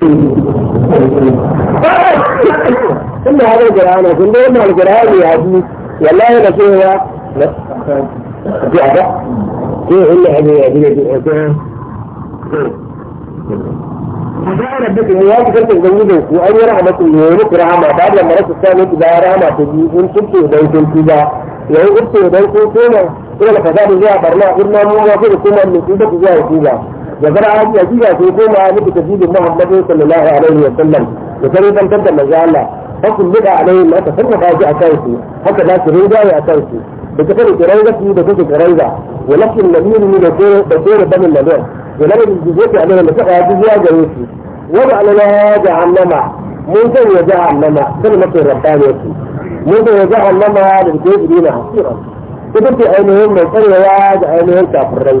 ina hada qur'ana kun da wannan qur'ani ya ji wallahi da cewa ji ada ko illa hada ya ji da ko فجعل ربك يا كنت تزوجه وأن رحمة يومك رحمة بعد لما رأت الثانية إذا رحمة تجي إن كنت هديتم كذا يعني كنت هديتم كذا إلى الفساد جاء برنا قلنا مو ما كنت كنا من كذا كذا كذا da zara an ya jiya sai koma muku tajibin Muhammadu sallallahu alaihi wa sallam da sai ban tantar manzo Allah fa kun bida alaihi la ta sarrafa shi akan su haka za su rinjaye akan su da ta fara kiraiza su da take kiraiza walakin nabiyyu da ko da ko da banin nabiy walakin jizati alaihi la ta ya jiya gare su wa alaihi jahannama mun san ya jahannama kalmatin rabbaniyati mun san ya jahannama da kafirina hasira ita ce ainihin mai tsarewa da ainihin kafirai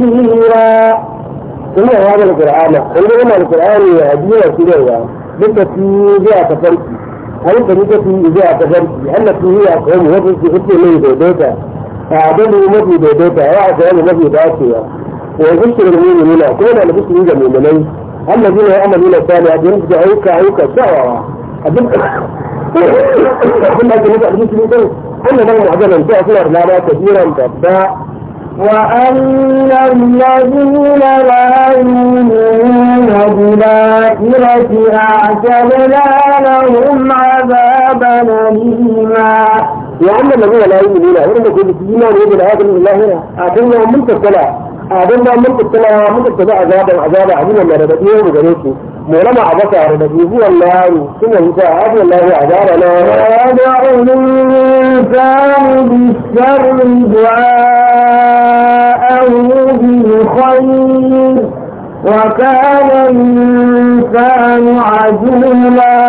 كثيرا ثم هذا القرآن عندما القرآن يهدينا كثيرا بالتسيير جاء تفرقي هل طريقتي جاء تفرقي التي هي أقوم وفي حكم من بيتها أعدله مفي بيتها وأعدله مفي بيتها ويبشر المؤمنين كون أن بشر يجب المؤمنين الذين يعملون الصالحات يرجعوك عوك سعرا أدل أدل أدل كل من معجبا تعثر لما كثيرا تباع وأن الذين لا يؤمنون بالآخرة أعتدنا لهم عذابا أليما وأن الذين لا يؤمنون وإنكم بالإيمان بالآخرة أعتدنا لهم ملك الصلاة abin da mun kuskula muka tabi azaban azaba azimin na daga ɗiyar mu gare su مولما عبسة ربيه الله ثم يساء عبد الله عذابنا ويدع الإنسان بالشر دعاءه بالخير وكان الإنسان عجولا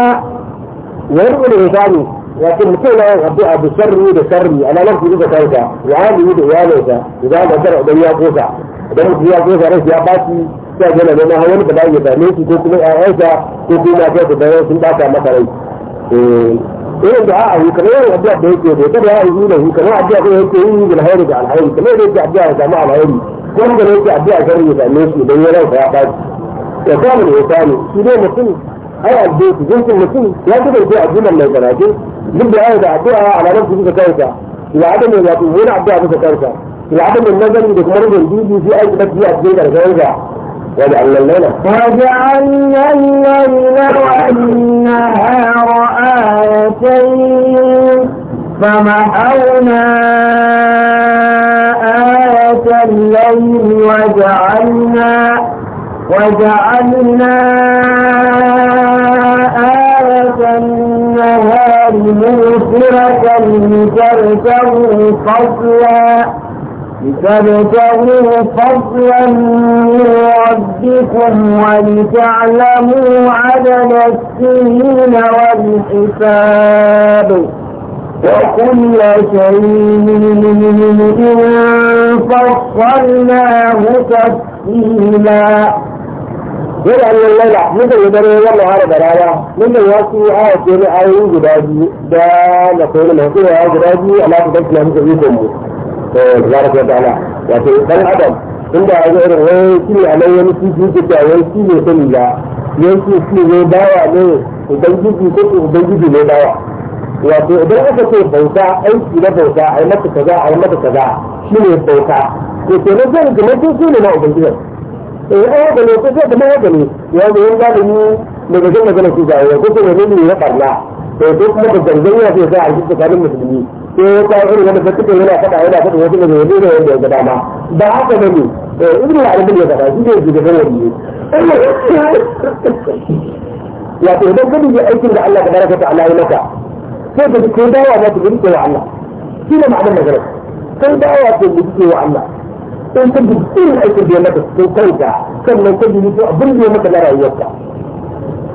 ويدعو الإنسان لكن مثل أبدأ بالشر بشر أنا نفسي إذا كانت وعادي إذا إيالك إذا أنا درع بيا قوسع idan mutum ya zo zarafi ya baci sai ga na zama wani da ya dame shi ko kuma ƴaƴansa ko kuma ya ga da sun baka masa rai eh, irin da a'a kamar yawan abuwa da yake da kada ya yi da shi kamar addu'a da yake yi bil hayri da alhayri kamar da yake addu'a ya samu ko da yake addu'a ya sharri ya same shi idan ya rasa ya baci ya samu da ya samu shi ne mutum ai addu'a jinsin mutum ya kasance a jimar mai karatu duk da ya da addu'a a ranar su suka kansa ya adam ya zaɓi wani addu'a suka لعدم النظر دكتور الجديد في أي تكفي أكيد الجوزة وجعلنا الليلة وجعلنا الليل والنهار آيتين فمحونا آية الليل وجعلنا وجعلنا آية النهار مبصرة لتركبوا فضلا لتبتغوا فضلا من ربكم ولتعلموا عدد السنين والحساب وكل شيء فصلناه تفصيلا yana yin laila muka yi dare wannan har da rana mun da wasu aya ce ne ayoyi guda biyu da na koyi na koyi guda biyu a lafi da kuma muka yi mu to tabaraka wa ta'ala wato dan adam inda ya ga irin wai shi ne alai wani kifi ke ta wai shi ne sani ba yanki shi ne bawa ne ubangiji ko ubangiji ne bawa wato idan aka ce bauta aiki na bauta a yi mata kaza a yi mata kaza shi ne bauta to ke na zan gama ko shi ne na ubangiji eh ai haka ne ko sai da haka ne ya ga yan zalimi daga zan magana shi ga ya ko ne ne ya farla to eh, ko kuma da zanzan ya ce sai a yi tsakanin musulmi ko ya kawo irin wanda ta tuka yana faɗa yana faɗa wasu daga yanzu da wanda ya dama ba haka ba ne eh, ibn al-arabi ya faɗa shi ne shugaban wani wato idan ka dubi aikin da Allah tabaraka ta'ala ya maka sai ka ji ko dawa ba ta gudu wa Allah shi ne ma'anar magana kai dawa ta gudu wa Allah sai ka dubi irin aikin da ya maka sai kanka sannan ka dubi ko abin da ya maka na rayuwarka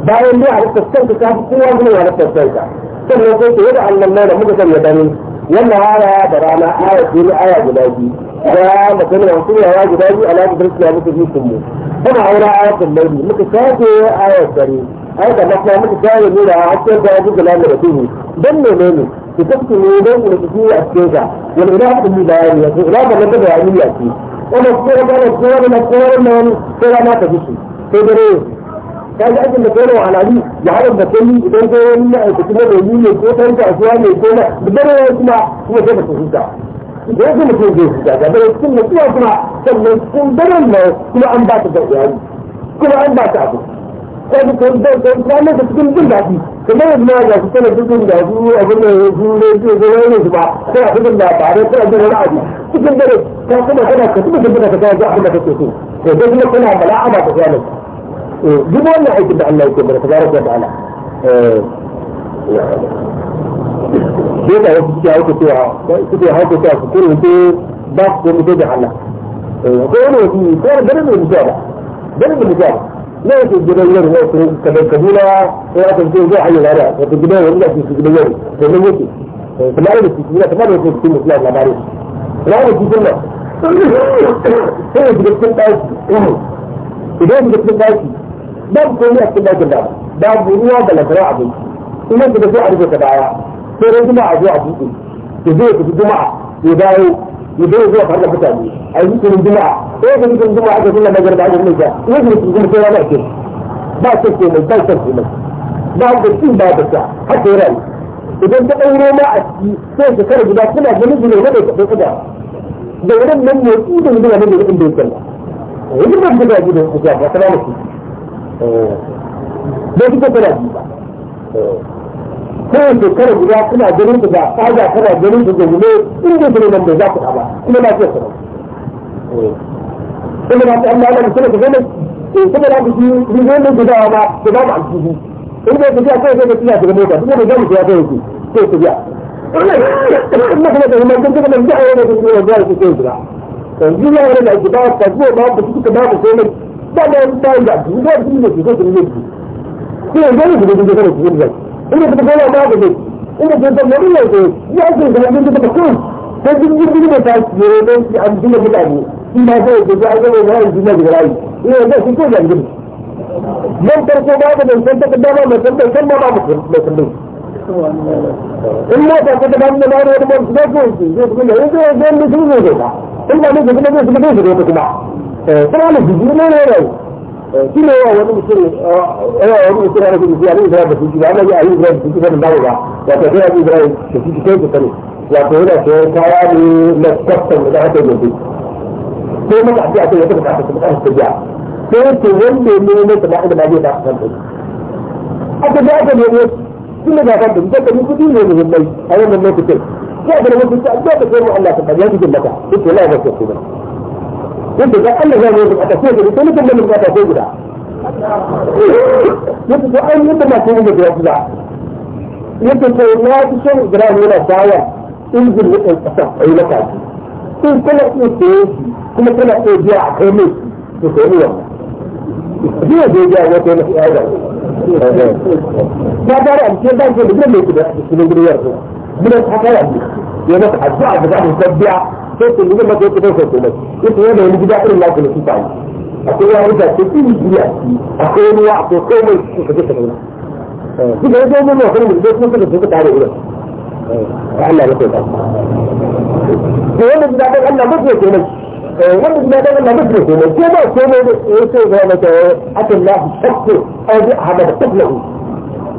bayan dai a rikta kanka ka fi kowa zuwa kanka sannan da Allah da muka sanya dani wannan hara da rana aya ce ne aya guda biyu ya magana wasu ne aya guda biyu ala da gaskiya muka ji sun mu kuma aure aya sun mai muka sake aya dare ai da lafiya muka sake ne da hakkin da yaji gulan da rasul dan ne ne ne ki tafki ne dan ku ku a cikin ka wani ina ku mu bayani ya ce ina da lafiya da ya ce wannan ko da ko da ko da ko da ko da ko da ko da ko da ka ga aikin da kai wa alali ya haɗa da kai idan kai wani ma'aikaci na domin ne ko ɗan kasuwa ne ko na da dare kuma kuma sai ka huta da yake mutum zai huta ga dare cikin nutsuwa kuma sannan cikin daren nan kuma an ba ta da iyali kuma an ba ta abu kai da kai da kai kuma ne cikin jin daɗi kamar yanzu na ga su tana cikin da abin da ya su ne su ne ne su ba sai a cikin labarai sai a cikin ra'ayi cikin dare ka kuma kana ka kuma da ka ga abin da kake so to dai kuma kana bala'ama ta zalunci جيبوا لنا حيث الله يكبر تبارك وتعالى بيتا يكتشي هاو كتوعا كتوعا هاو كتوعا كتوعا كتوعا باق ومتوجع الله قولوا في كورا بلد المجابة بلد المجابة لا يكون جبير هو كبيرة ولا تنسي جوع حي العراء وفي جبير ولا في جبير جميتي فالعالم التسمية كمان يكون في الإسلام لا معروف العالم في كله هي جبتين بايتي هي جبتين بايتي باب كلية كلها إيه باب باب بروا بلا براع بي ومن جدا في عدوك دعايا في رجماعة جوا عدوكي في بيت في جماعة يباعي يباعي جوا فهلا بتاني عزيز من جماعة ايه جدا من جماعة جدا ما جرد عدوك ميزا ويجلس من جماعة جدا ما كي با سلسي من با سلسي من با بسين با بسا حتى يراني إذا انت أورو ما أسكي سيسي كارجو با سنة جميز من الوضع في قدر دولا من يوكيد من الوضع في قدر دولا من يوكيد من الوضع في قدر دولا من يوكيد من الوضع في قدر bai fita tana ji ba eh. kowace shekara guda kuna ganin da kaza kana ganin da jami'ai in da jami'ai nan bai za ku eh. eh, ba kuma na ce sanar kuma na ce Allah Allah kuma ka gane kuma na biki ni ne ne guda ma da ba mu aljihu in da tafiya kai kai tafiya daga mota duk da gani ya kai ku sai ku in da kuma da mun kun kuma da ai ne da ku da ku sai ku biya yanzu ya wani da ku ba ku ba ku ku ba ku sai tọ́lọ tọ́ ìyàjú ilé ìdí ìlòjì tó kìí lòjì tí èdè ìdìbò tó kìí lòjì lòjì ilé ìdìbò tó lọ́wọ́ máa bèbè ilé ìdìbò tó lọ́wọ́ ilé ìdìbò yóò ṣe ìdìbò tó kìí lòjì tó kìí lòjì ilé ìdìbò tó yẹ ló ń fi àdúgbò mọ́tàní ilé ìdìbò tó yẹ ló ń fi àdúgbò mọ́tàní ilé ìdìbò tó yẹ ló ń fi àdúgbò mọ́tàní من تركوا بعض من سنتك دابا ما سنتك كم ما ممكن ما سنتك إلا تأخذ بعض من أول ما سنتك يقول لي إذا إذا اللي تقول لي إذا إلا ليش إذا ليش ليش ليش ليش kuma da jiki ne ne ne shi ne yawa wani mutum yawa wani mutum ya rufe jiki a yin zirar da jiki ba ana yi a yin zirar da jiki sanin babu ba wato sai a yi zirar da jiki sai ku sani wato yana ce kaya ne na kwastan da aka yi yanzu sai maka a ce a ce ya tabbata su bukatar su biya sai ce wanda ne ne ta ba'a da ba zai ta san su aka ji aka ne ne shi ne gaban da mutum da ni kudi ne muhimmai a yanzu lokacin sai a ga mutum sai a ce ka sai mu Allah ta bayyana jikin maka duk wala ba su kuma yadda ga Allah zai yi a tafiya da kuma da mun ta ko guda yadda ga an yadda ma ko da guda yadda ko ya ci son Ibrahim yana shawar in zai yi kasa ai maka shi in kana so ko kuma kana so biya a kai mai to ko ne biya da biya ya ko na ya da ba da an ce da ke da mai kudi da shi ne gudu yarda mun ta fara ne yana ta addu'a da za mu tabbiya sai ku nuna masa yadda kansa komai yadda yana wani gida irin naku na kifaye akwai wani da ke iri biyu a ciki akwai ruwa akwai komai su ka je ka nuna su ga yadda wani wani da kuma suka suka tare wurin Allah ya kai ta to wanda gida kan Allah mutum ya komai wanda gida kan Allah mutum ya komai ko ba komai da ya ce ga mata akan lafi shakku ai bi ahmad tablahu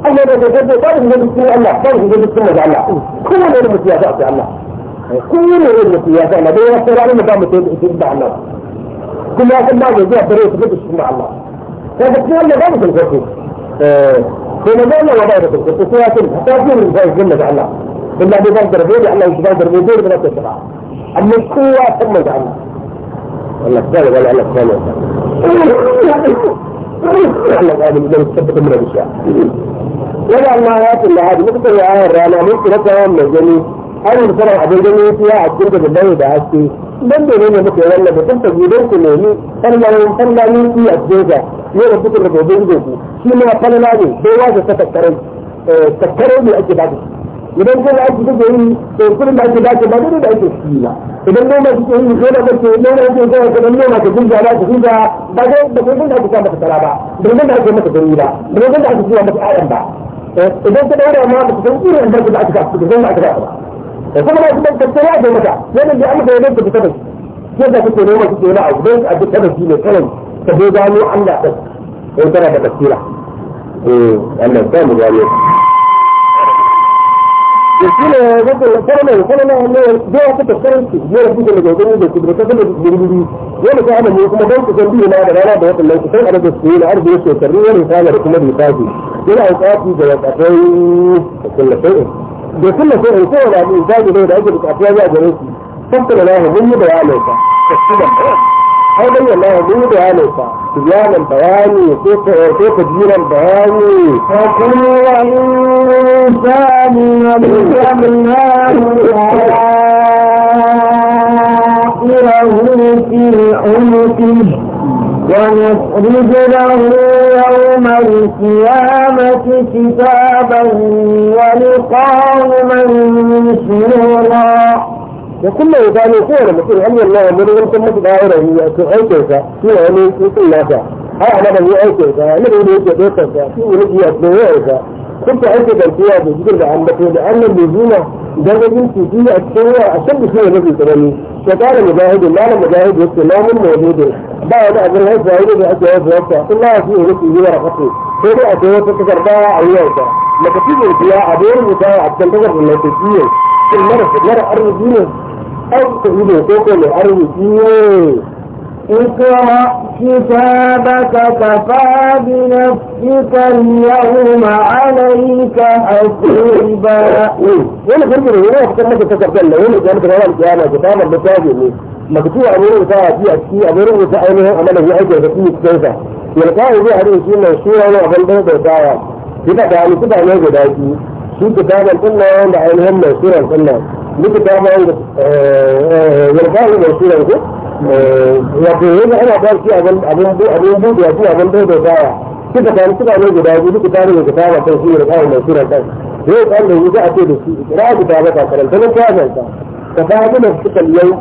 Allah da da da ba da mutum Allah ba da mutum Allah kowa ne mutum ya ga Allah كل التي يفعل بين السرعة المقام تتبع الله كل هذا الله يجيها بريء تبدش مع الله فبتنال لغاية الغرفة كنا قلنا وغيرة الغرفة سياسين حتى يجيب الغاية الجنة على الله بالله بيقدر بيدي الله مش بيقدر بيدي بلا تشرع أما القوة ثم على الله ولا ما ياتي الا هذه ممكن يا آية رنا ممكن اتهم آية من an yi a abin gani ya a cikin da bai da haske dan da ne muke da tun tabi don ku nemi fallanin fallanin ku a cikin ga ne da kuka da gobin ku shi ma falala ne bai ya ga tattarai eh, tattarai ne ake bada idan kuma ake da gari to kudin da ake dace ba da ake shi ba idan ma kike yi ko da kake noma kike ga ka dan noma ka jinja ba ka jinja ba dai da kun da kuka maka da ba da kun da ake maka gari ba da da ake maka ayan ba eh, idan ka daura ma ka san irin da aka ka da aka ka ba da kuma da kusan tattara da maka yana da amsa ya danta fita da shi yadda kuke noma kuke na abu في الكرم يقول في المجاهدين اللي كبروا كذا بالبربري ولا كان من انا بسيل عرض يسوي سرير da kuma ko in ko da ni zai da ake bukatu ya ga gare shi tabbata da mun yi bayanin sa ai dai wallahi mun yi bayanin sa tiyanan bayani ko ko ko kadiran bayani fa kuma wa insani nabiyana إله في عنقه ونخرج له يوم القيامة كتابا ولقاوما من شرورا يقول له مثل أن الله أمره أن تم تغير آية هي تغيكك في أمي في كلها هذا أنا من يأيكك أنا من يأيكك في أمي في أمي في أمي كنت أكد القوة بجد عندك لأن اللزوم درجة فيه الشوى أشد شيء الذي ترمي فقال مجاهد لا مجاهد يقول لا من موجود بعد أن الهيئة فائدة بأسوأ فوقتها كل الله فيه نفسه ورقته فهو بقى تكتر باع ما لكثير من القياء عبير المتاع تنتظر من النتيجية كل مرة مرة أرض دينه أو تقول كوكو أرض دينه اقرأ كتابك كفى بنفسك اليوم عليك حسيبا وانا كنت بقول لك كنت بتتكلم لو كانت كنت بقول كتاب المتاجر مكتوع امور بتاع في اشياء امور بتاع انا عمل هي اجر في كيف يلقاوا هذه الشيء انا اقول ده بتاع كده يعني كده انا كتاب القلة عند عينهم منشورة القلة دي كتاب عند wato yanzu ana ba shi abin buɗe a shi abin daidai baya kika tare kika ne guda biyu kika tare da kitaba kan shi da kawai mai sura kan yau kan da yi za a ce da shi ra'a kitaba ta karanta na kawai ta ka fahimta da suka yau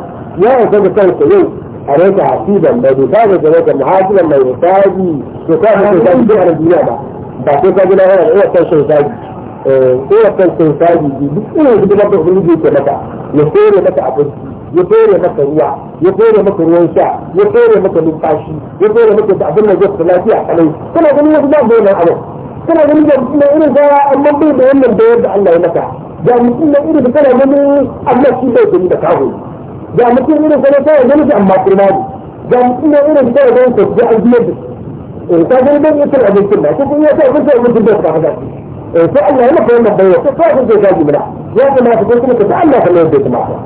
ya isa da kanka yau a ranta hasiban mai duka da gare ka muhajiran mai hisabi to ka fi sai sai a duniya ba ba sai ka gina yana iya kan hisabi ko ya kan hisabi duk irin su da ka ubangiji ke maka ya sai ne maka abinci ya fere maka ruwa ya fere maka ruwan sha ya fere maka numfashi ya fere maka abin da zai lafiya kalai kana ganin wasu ba bayanan abu, kana ganin da mai irin gara amma bai da wannan da yadda Allah ya maka da mutum na irin kana ganin Allah shi bai gani da kago da mutum irin kana kana ganin da amma kurma ne da mutum na irin kana ganin ka a an da eh ka gani ban yatar abincin ba ko kun yata abincin abincin da ka hada eh, sai Allah ya maka wannan bayyana sai ka ga gaji mana ya kamata ko kuma ka Allah ka ne da kamata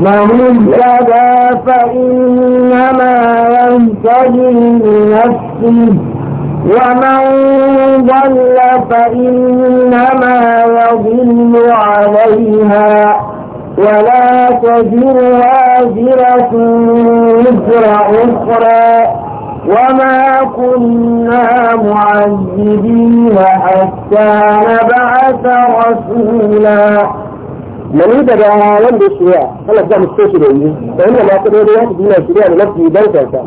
من اهتدى فإنما يهتدي لنفسه ومن ضل فإنما يضل عليها ولا تزر وازرة وزر أخرى وما كنا معذبين حتى نبعث رسولا mani daga wanda ya shirya Allah ta musu shi da yi da inda ma kuma da yake dina shirya da lafi dan kansa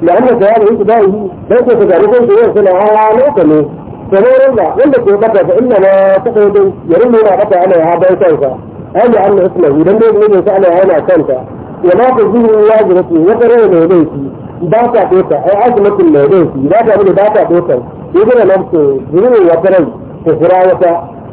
da Allah ta yare yake da yi dan ko ta gari ko shirya suna hawa ne ka ne saboda wanda ke bata da inda ma ta kai da yare ne na bata ana ya dan kansa ai da Allah isma idan dai ne sai ya na kansa ya ma ku zuwa wajibati ya ne shi ba ta ai azumatin ne dai shi ba ta bude ba ta dota zuwa ya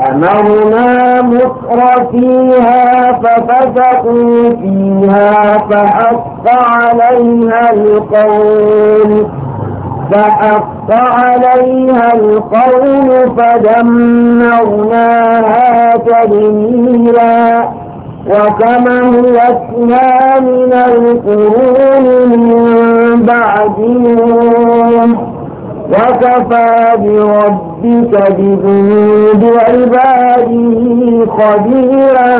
أمرنا مصر فيها ففتقوا فيها فحق عليها القول فحق عليها القول فدمرناها تدميرا وكما هلكنا من القرون من بعدهم وكفى برب ربك بذنوب عباده خبيرا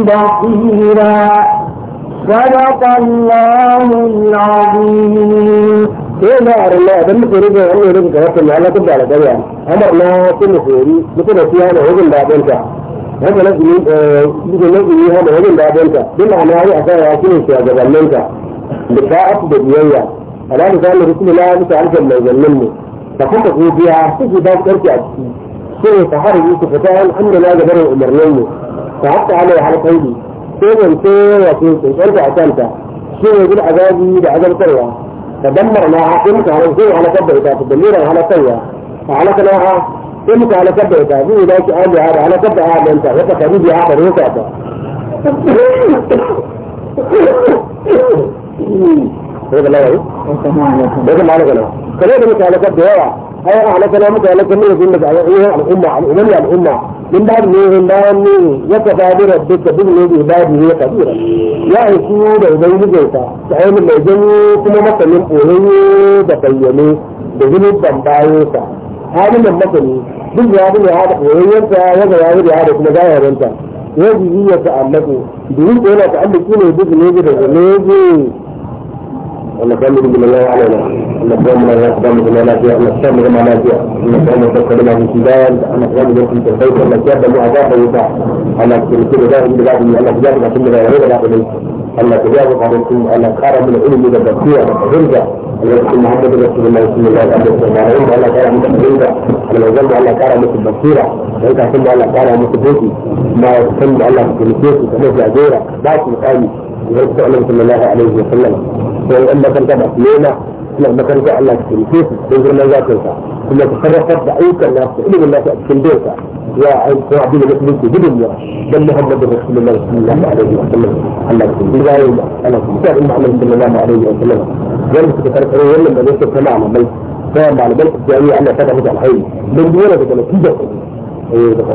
بصيرا صدق الله العظيم ina arna dan muke rage wani irin ga wata na Allah kubba alƙarya amar na sun hori muke da siya da wajen daɗin ta haka na zuni duka na zuni ha da wajen daɗin ta duk ana yi a kawai shi ne shugabannin ta da ta'atu da biyayya ala da zamu rusulullah bisa alkan mai zannin mu da kuka godiya kuke ba ku ɗarki a ciki sai ta har yi ku fita an amina ga barin umarnin mu ta hatta ala ya halkai ne sai zance wato tsinkanta a kanta shi ne bil azabi da azabtarwa ta dammar na ha in ka halaka sai halakar da ita ta damiran halakarwa ta halaka na ha in ka halakar da ita zai da ki ali ha da halakar da ha danta wata karibi ha da rosa ta Daga lawaye? Daga lawaye. kamar da muka halakar da yawa ai an na muka halakar ne yanzu daga ayyukan al'umma al'umma al'umma min da ne min da ne ya ka fadi rabbika bil ne bi badi ne kabira ya aiki da ubangijin ka ta ayyukan mai janyo kuma masanin koyayye da bayyane da zunubban bayan ka halin da masani duk ya bi ya hada koyayyen ta ya ga ya da kuma zahirin ta ya ya ta'allaku duk yana ta'allaki ne duk ne da ne ان تؤمن بما لا علينا ان تؤمن بما لا فيها ان تؤمن بما لا فيها ان تؤمن بما في الجبال ان تؤمن بما في البيت ان تؤمن بما في الوفاء ان تؤمن بما في البلاد ان تجاهد عشان لا يغير لا إليك ان تجاوب عليكم ان خرج من العلم اذا بكية وترجع الى محمد رسول الله صلى الله عليه وسلم علم ان كان متفردا على الجنب ان كان متبصيرا وانت ثم ان كان الله عليه وسلم don ɗan makaranta masu nema suna makaranta Allah ta taimake su don girman zafinsa kuma ta sarrafar da ayyukan nasu ilimin nasu a cikin dosa ya aiko abin da musulunci gudunmuwa don Muhammadu Rasulullah sallallahu alaihi wa sallam Allah ta taimake su yayin da Allah ta taimake Muhammadu sallallahu alaihi wa sallam wanda suka karkaro wannan da zai ta malamai sai malamai su jami'a Allah ta tafi da alhairi don duk wanda daga natijar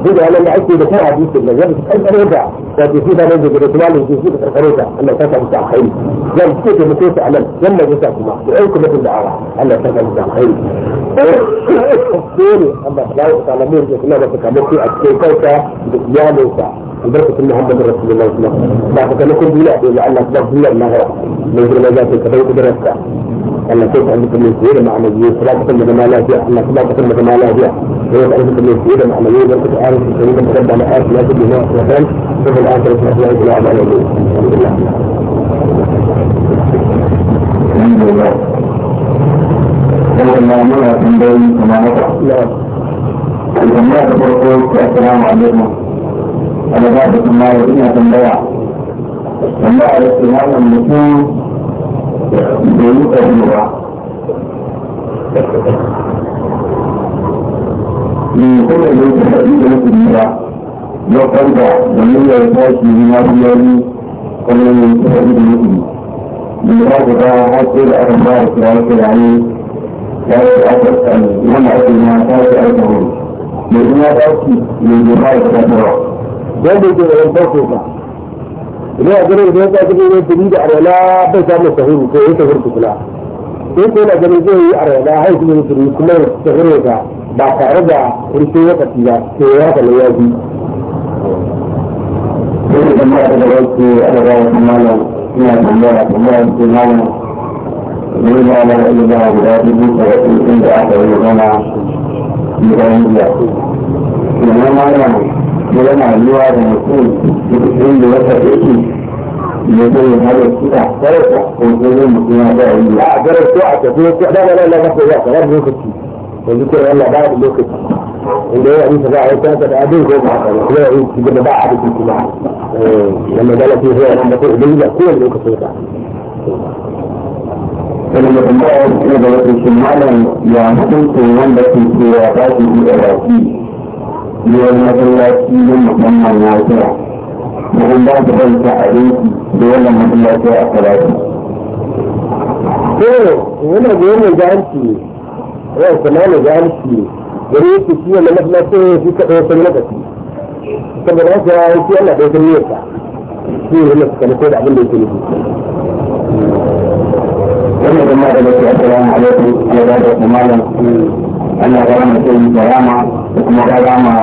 وده انا اللي عايز كده كده حديث ابن جابر كان رجع وتسيب انا زي الرسول وتسيب الخروجه انا كنت بتاع خير لما كنت بتوسع على لما جيت اسمع وانكم مثل دعوه انا كنت بتاع خير دول اما لو تعلمون ان الله بتكلمك الكيكه بقيامه وساعه البركة محمد رسول الله صلى الله عليه وسلم بعد كان كل بلاد لأن الله بلاد ما غيره من درجات الكبيرة أن كيف عندكم من سيرة معنوية فلا تكلم ما لا فيها أن لا تكلم ما لا فيها كيف عندكم من سيرة معنوية بل كنت عارف سيرة تبدأ على آخر لا تبدأ هنا وكان ففي الآخر اسمع الله إلى عبد الله الحمد لله الحمد لله أنا mana tambayi kamar haka. Tambaya ta farko ما assalamu alaikum. Allah ما ta tambaya ina tambaya. domin ɗabi'a ne kuma da yake faɗi da wasu biya ya kwanta da muryar tashi na biyari kuma ya yi faɗi da wasu biya ya guda har sai da aka fara kiraye-kiraye ya yi aka tsani wanda ake ma tashi aka wuri mai kuma tashi mai jefa da kasarwa. Yadda ke da yan tashi ba, idan a ganin da ya sa kuma yin tuni da arwala bai samun sahuru ko ya sahuru kula sai ko na ganin zai yi arwala har kuma yin tuni kuma ya sahuru ka ba tare da kurce wakati ba ko ya haka ya bi. Sai da mara da wasu arwala da malam ina tambaya tambaya ce malam ne na nan ilimi a guda dubu talatin inda aka yi zama gidan biya. Ina malam كلام عن اللي هو يقول بتحريم دلوقتي الاسم يقول ان هذا القطع فرصة ويقول ان هذا القطع فرصة لا جرى السوحة يقول السوحة لا لا لا ما في الوقت لا بنوك الكي ويقول ان الله بعد بنوك الكي اللي هو عميس الله عليه السنة تتعادل جوب عقل وكلا يقول في جنة بعد بنوك الكي لما دالة فيه هو لما تقول بنوك الكي كل بنوك الكي فلما تنبقى في جنة بلوك الكي معنا يعني كنت ينبقى في سياراتي في الأراضي yi wani masallaci na musamman na kira ba su ta a yanki da wannan masallaci a karatu. to yana da yana jahanci ne yana kuma yana jahanci ne yake shi wani masallaci ne shi kaɗai wasan lokaci saboda haka shi yana da wata niyyarsa shi ne yana suka nufo da abin da yake nufi. wannan jama'a da basu assalamu alaikum ya ba da malam hmm. ana ga wannan sai salama kuma ka gama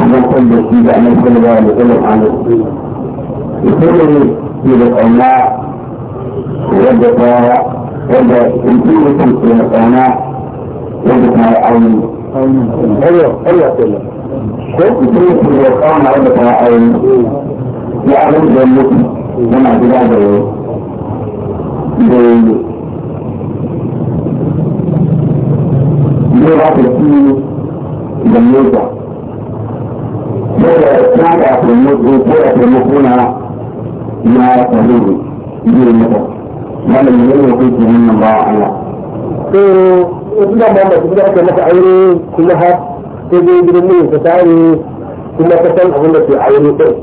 wajen kwallo shi da annabi sallallahu alaihi wasallam an sai ne da kauna wadda ta wadda in ki ne ke da kauna wadda ta yi aure ayyo ayyo ko ku ne ke da kauna wadda ta yi aure ya abin da mutu yana gida da da da ba ta بالنوبة ماذا يتموت وكيف يتموتون ما تهيب دين المدى لمن يمين يقيت من الله على وكذا ما ما تبدأ كما تعيني كلها تجي بالمين تتعيني كما تتعيني أظن في عيني كيف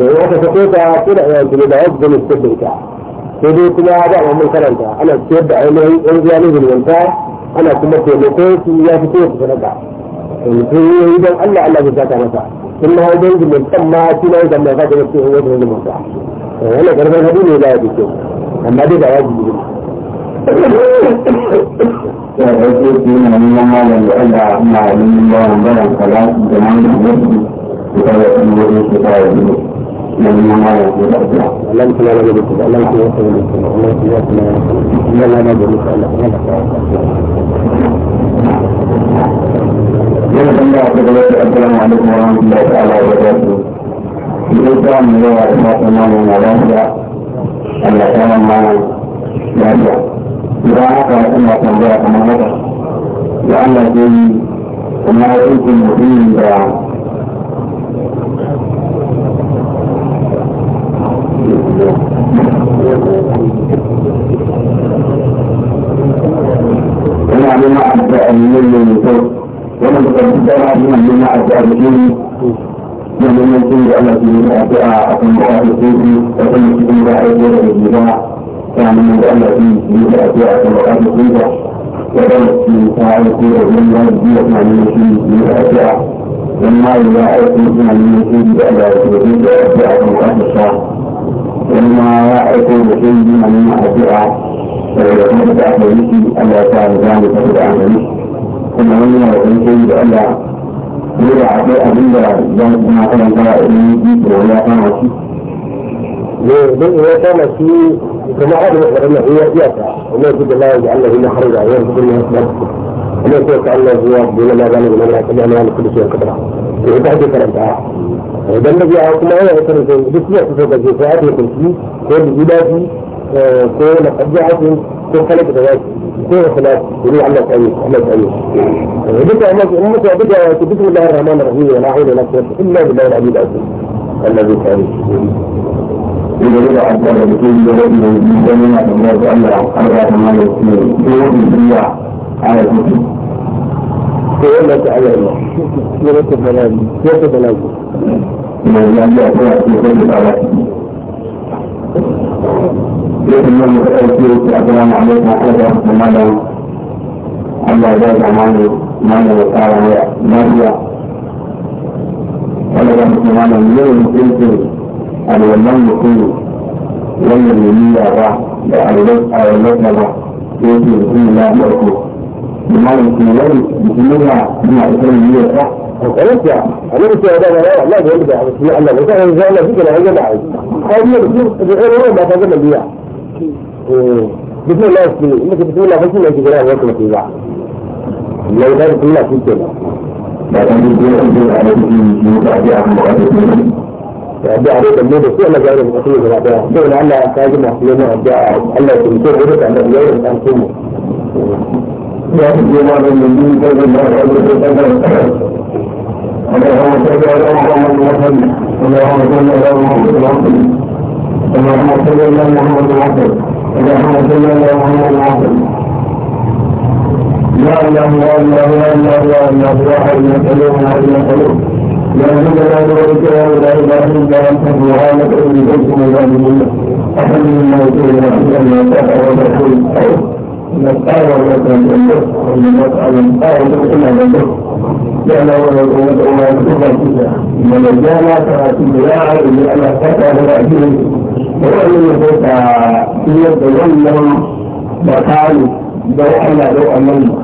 وإذا تقيت كده يعني تلدعوك من السبب بتاعك sai kuma ya ba karanta ana ciyar da ainihin yan zuwa wanta ana kuma ya fito su sadaka to yi don Allah Allah zai zata masa kuma ya dangi mai kan ma shi na da mai zata masa wani wani masa wani garban hadu ne da ya fi kyau amma dai ba wajibi ne ya ɗauke su yi na neman malam da Allah na neman bawan bayan kala da malam da wasu da kawai sun wani su kawai biyu na neman malam da lafiya. Allah kuma na gaba kuma Allah kuma wasu wani kuma Allah kuma wasu wani kuma Allah na gaba kuma Allah kuma wasu wani kuma الله وبركاته السلام عليكم ورحمة الله تعالى وبركاته الإنسان من الله إخلاص الله من الله الله تعالى معنا يرجع إذا أقرأ إلا تنبيه كما نقر لأن الدين ومن تبتلى بمن من الصالحين ومن يكون التي أعطاها أقم الصالحين وكم تكون بعد غير الجماع كان من التي أعطاها أقم الصالحين وكم في فاعل كل من يرجو مع المسلم من أعطاها وما إذا أعطي مع المسلم بألا يتبين أعطاها أقم الصالحين وما يعرفوا بشيء من أعطاها فإذا كنت أعطيته ألا كان ذلك بالعمل kuma wani yana wani sai da Allah ne da akwai abin da za mu kuma kan ta ilimi da wani ya kama shi ne don ya kama shi kuma hada da wadannan iya iyaka wannan su da Allah ya Allah ya harga ya su kuma ya kuma ko ka Allah zuwa dole la gane wannan ka da Allah kullu shi kadara to ita ake karanta idan da ya kuma yana karanta duk ya fito da jifa da kulli ko da gidaji ko na kajatin ko kala da zaki كده خلاص يقول عملت ايه عملت ايه بك امك بك بسم الله الرحمن الرحيم ولا حول ولا قوه الا بالله العلي العظيم الذي كان إذا الله أحسن الله بلد الله الدنيا الله تعالى الله مال الله بوضع الله على المسلم الله تعالى الله الله بلاد الله بلاد الله يجب الله يكون الله كل الله كيف اليوم التوفيق السلام عليكم ورحمه الله وبركاته الله يبارك معنا معنا وتعالى نبيا ولا يبارك معنا اليوم التوفيق أن ولم يكون لم يمني الله لأولاد أولادنا يجب أن يكون لا يكون بمعنى يكون لم يكون لنا بما يكون لي صح وخلاص يعني انا مش هذا لا لا بقول لك يا الله وتعالى ان شاء الله فيك انا هجي بعد خير بغير ما تعمل بيه بسم الله يسمي انك بسم الله فشي ما تقراه وقت ما تباع لو غير بسم الله في كده أبيع عليك النبي فعلا جاي من أخيه من أبيع فعلا ألا أحتاج محسنين أبيع ألا تنكر غيرك أن أبيع من أنكمه لكن يوم من دين كذا ما أبيع كذا اللهم صل على محمد وسلم اللهم صل على محمد وسلم اللهم صل على محمد العبد اللهم صل على محمد العبد لا اله الا اله الا هو الا هو حي اله حي قيوم لا حول ولا اله الا بالله الا انت سبحانك اني كنت من الظالمين احمد الموت الى ان لا تقع ولا تقول اله ولا تنسى ونسال نسال الا بالله لا لا ولا قوه الا اله من الجامعه فاتي بلا علم على فتى ولا اجل وإن يقول سيد وإنهم مكان دوحنا دوحا منه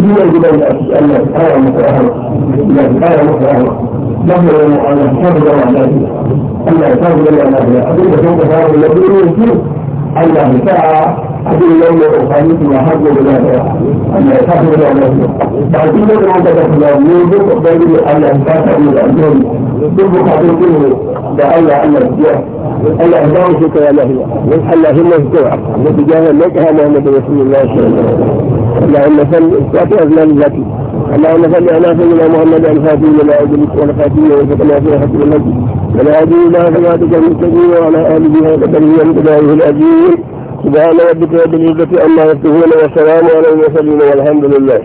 هي جدا أن يتكرر مكرهه يتكرر مكرهه نحن أن نحفظ على ذلك أن نحفظ على ذلك أبدا سوف تعرف الذي يمكن أن يهتاع عشان يوم الخميس وحد ولا أن يحافظ على نفسه بعدين لما بدأ الله يوجد بين أن يحافظ من الأمن ثم حدثه بألا أن يرجع ألا أهداه شكا يا لهوة ألا همه الدعاء التي جاء لك محمد رسول الله صلى الله عليه وسلم ألا أن فن إسقاط أزمان التي ألا أن فن أنا سيدنا محمد الفاتي ولا أدرك ولا فاتي ولا فاتي ولا فاتي ولا أدري لا فلا تجمع وعلى آله وقدره ومقداره الأجيل سبحان ربك رب العزة عما يصفون وسلام على المرسلين والحمد لله.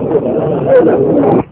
Thank you.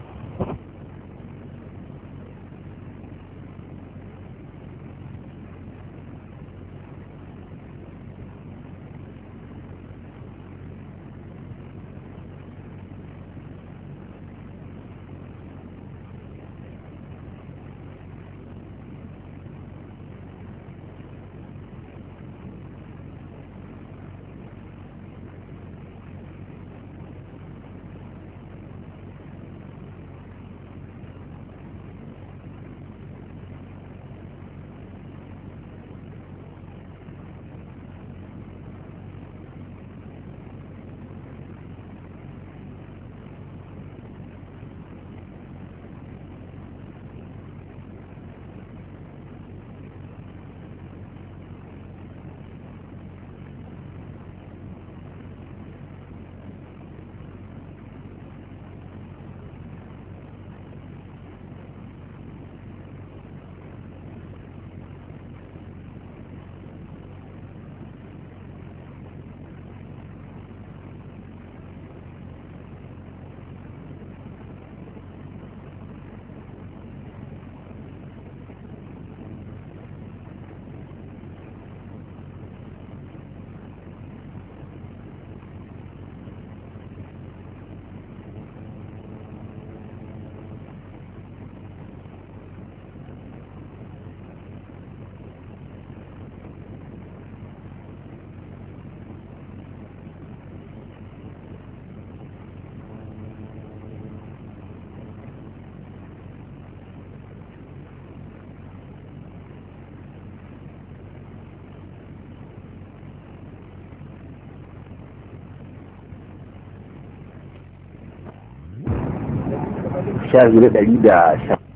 shafi na ɗari da sha